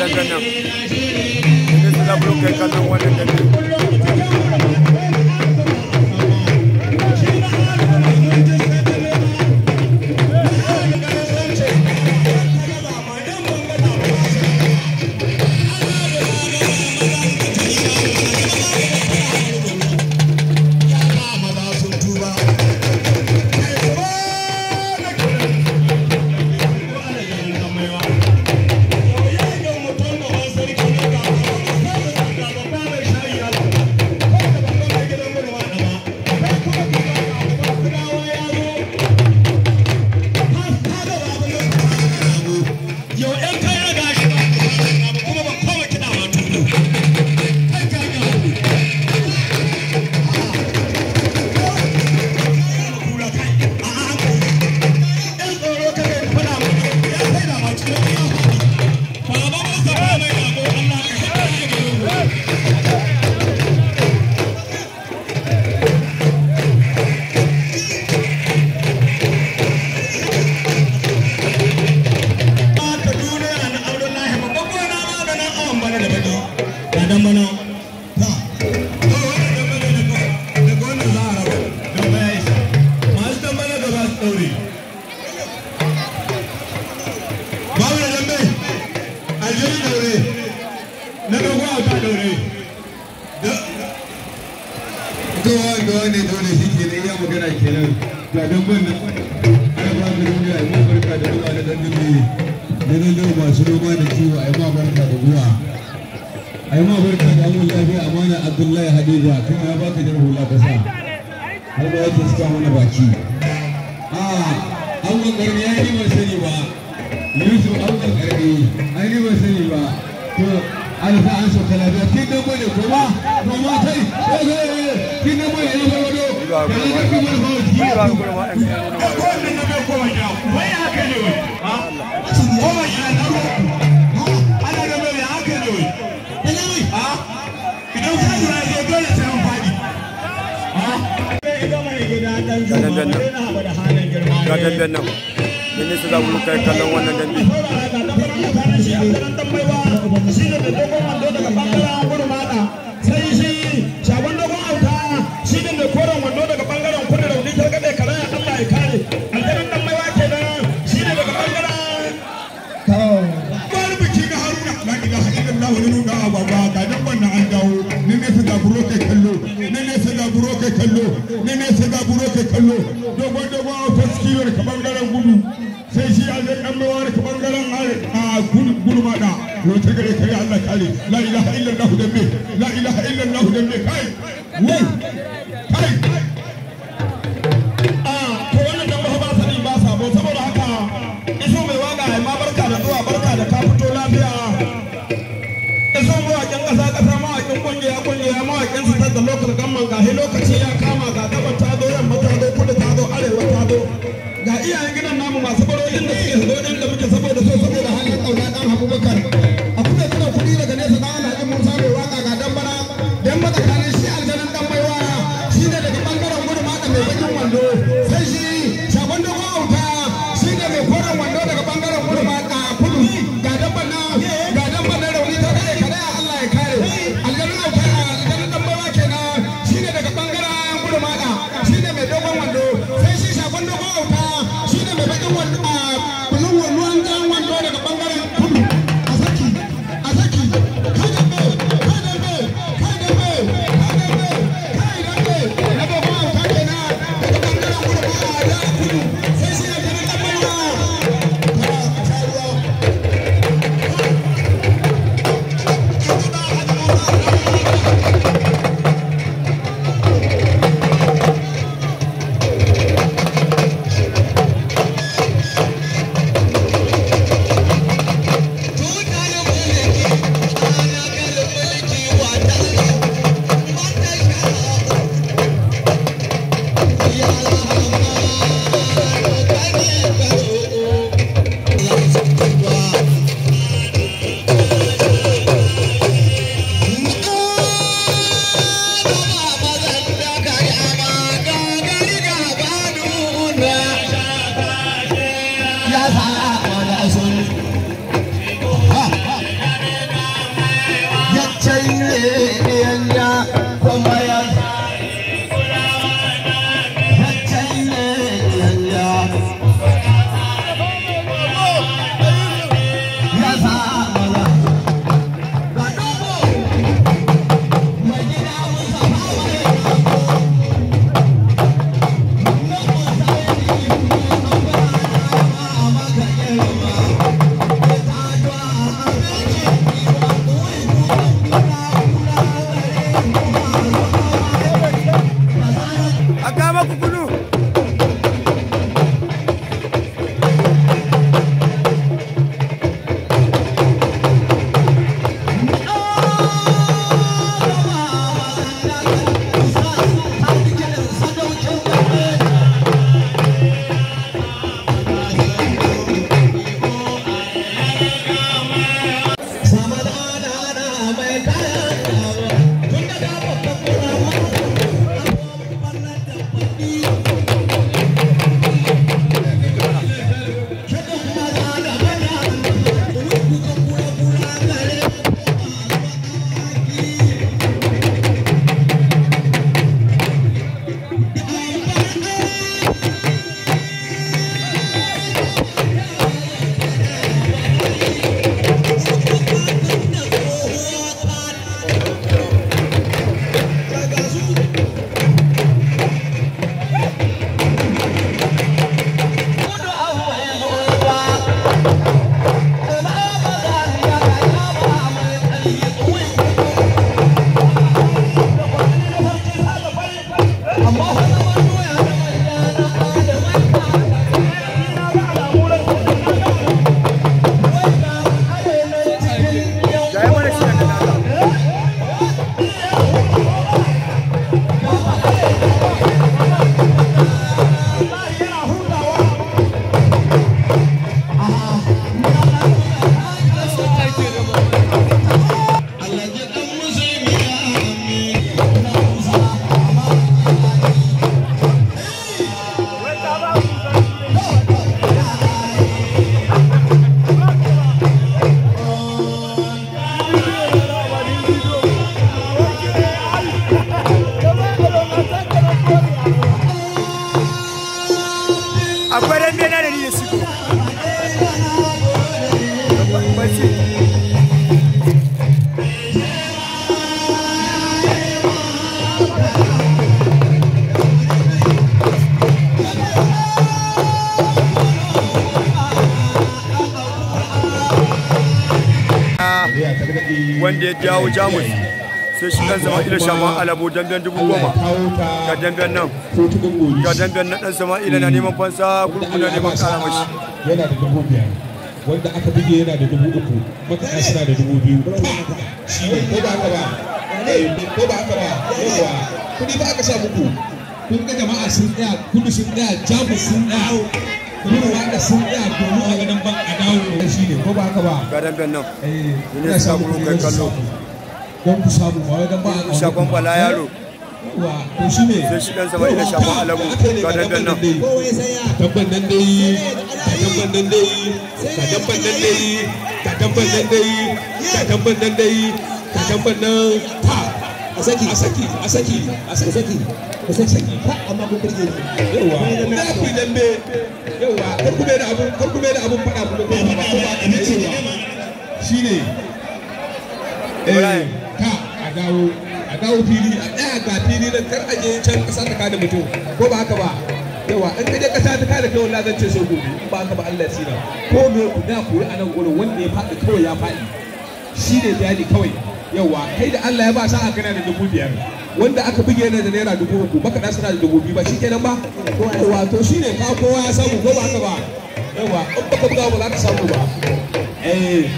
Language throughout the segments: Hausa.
da kanan. Yanzu laburu kai kanan wannan da biyu. kowa ga wani dole shi ke iya magana kenan ga dambon nan ba ga duniya ai mun barka da zuwa da dandamai da dandamai masu noma da kiwo ai ma barka da zuwa ai ma barka da amin lafiya amana abdullahi hadiza kuma ya baka jar hula kasa har ba yake suka mana baki a awon garbi ya yi ban sani ba yusuf an yi ban sani ba to alifa an sauka lafiya kin dan bane koma koma tai kin dan bane ya farwado da ya ga ki ba ku ko na ya ne wai ha koma ya na ana ne wai ina wai ha idan ku kura ke dole sai an fadi ha kai ga mai gida dan zuwa ga dan dan nan kallon wannan tsakanin sai shi shagon auta mai koren wando daga bangaren kudu rauni ta gaɗe karaya allah ya kare aljaran tambaiwa daga biki na haruna na gida halilin na wani ga agwagwa ga dan wannan an dawo ne kai kallo ne kallo ne kallo dogon dogon auta sikiyar ka bangaren gudu dan bawa da bangaren a ah, gulma da wata gare kai Allah kare la ilaha illallah dambe la ilaha illallah dambe kai wai kai a ah, to wannan dan bawa ba ni ba sabo saboda haka iso mai waka ai ma barka da zuwa barka da ka fito lafiya iso mawakin kasa kasa mawakin kungiya kungiya mawakin su da lokacin gamman ga he lokaci ya kama ga gaban ta zo yamma ta zo kudu ta zo arewa ta zo ga iyayen gidan namu masu sojojin da suke nan da muke saboda so saboda halin kauna ɗan abubakar da ya jawo jamus sai shi kansa ma'ila shaban alabo dangan dubu goma ga dangan nan ga dangan na dan sama'ila na neman fansa na neman kara mashi yana da dubu biyar wanda aka buge yana da dubu uku mutane suna da dubu biyu shi ne ko ba ba ko ba ba yawa kudi ba aka sa muku kun ga jama'a sun tsaya kudu sun tsaya jamus sun tsaya yin waka sun a ban a dawo da shi ne ko ba haka ba nan eh, samu kai kallo don ku samu ba wajen ban a shakon bala yaro wa to shi ne sai shi dan sama shakon alamu nan tabban nan dai tabban nan dai tabban nan dai tabban nan dai tabban nan dai tabban nan ta a saki a saki a saki a saki ka san shi fa amma kun burge ni yawa da ku dambe yawa kar ku bai da abun kar ku bai da abun fada ku bai fada ba da ce shine eh ka a dawo a dawo fili a daya ga fili nan kar a je can kasa ta kada mutum ko ba haka ba yawa in ka je kasa ta kada kai wallahi zan ce so gobe ba haka ba Allah ya tsira ko me ku da ku a nan gurin wanda ya faɗi kawai ya faɗi shine bayani kawai yawa kai da Allah ya ba sa'a kana da dubu biyar wanda aka buge ne da naira dubu uku makaɗa suna da dubu biyu ba shi kenan ba wato shi ne ka kowa ya samu ko ba haka ba yawa in baka buga ba za ka samu ba eh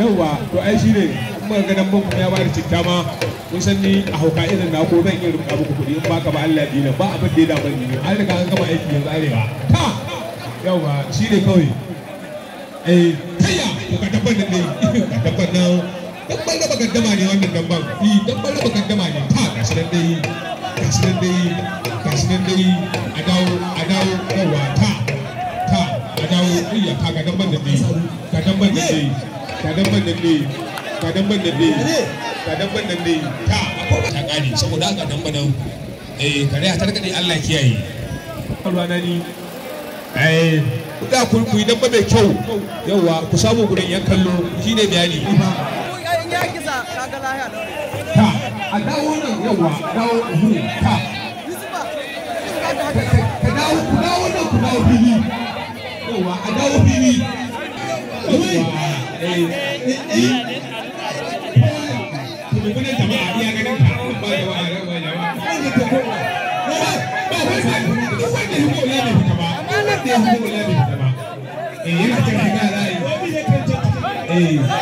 yawa to ai shi ne kuma ga nan banku ya bada citta ma kun san ni a hauka irin na ko zan iya rubuta muku kuɗi in baka ba Allah dina ba abin da ya dama ni an riga an gama aiki yanzu arewa ta yawa shi ne kawai eh kayya ka dabban nan ne ka dabban nan Dan dabban raba gaddama ne wannan dabban eh, yi dabban raba gaddama ne ta gashi nan dai gashi nan dai gashi nan dai a dawo a dawo yawa ta ta a dawo iya ka ga dabban da dai dan dabban da dai dan dabban da dai dan dabban da dai ga dabban da dai ta akwai ta kare saboda haka dabban nan eh kare ta tarkade Allah kiyaye ruwa na ni eh da kurkuyi ba mai kyau yawa ku samu gurin yan kallo shine bayani a dawo nan yawa dawo huru ta ka dawo ku dawo nan ku dawo fili yawa a dawo fili Hey. Eh,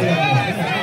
Et...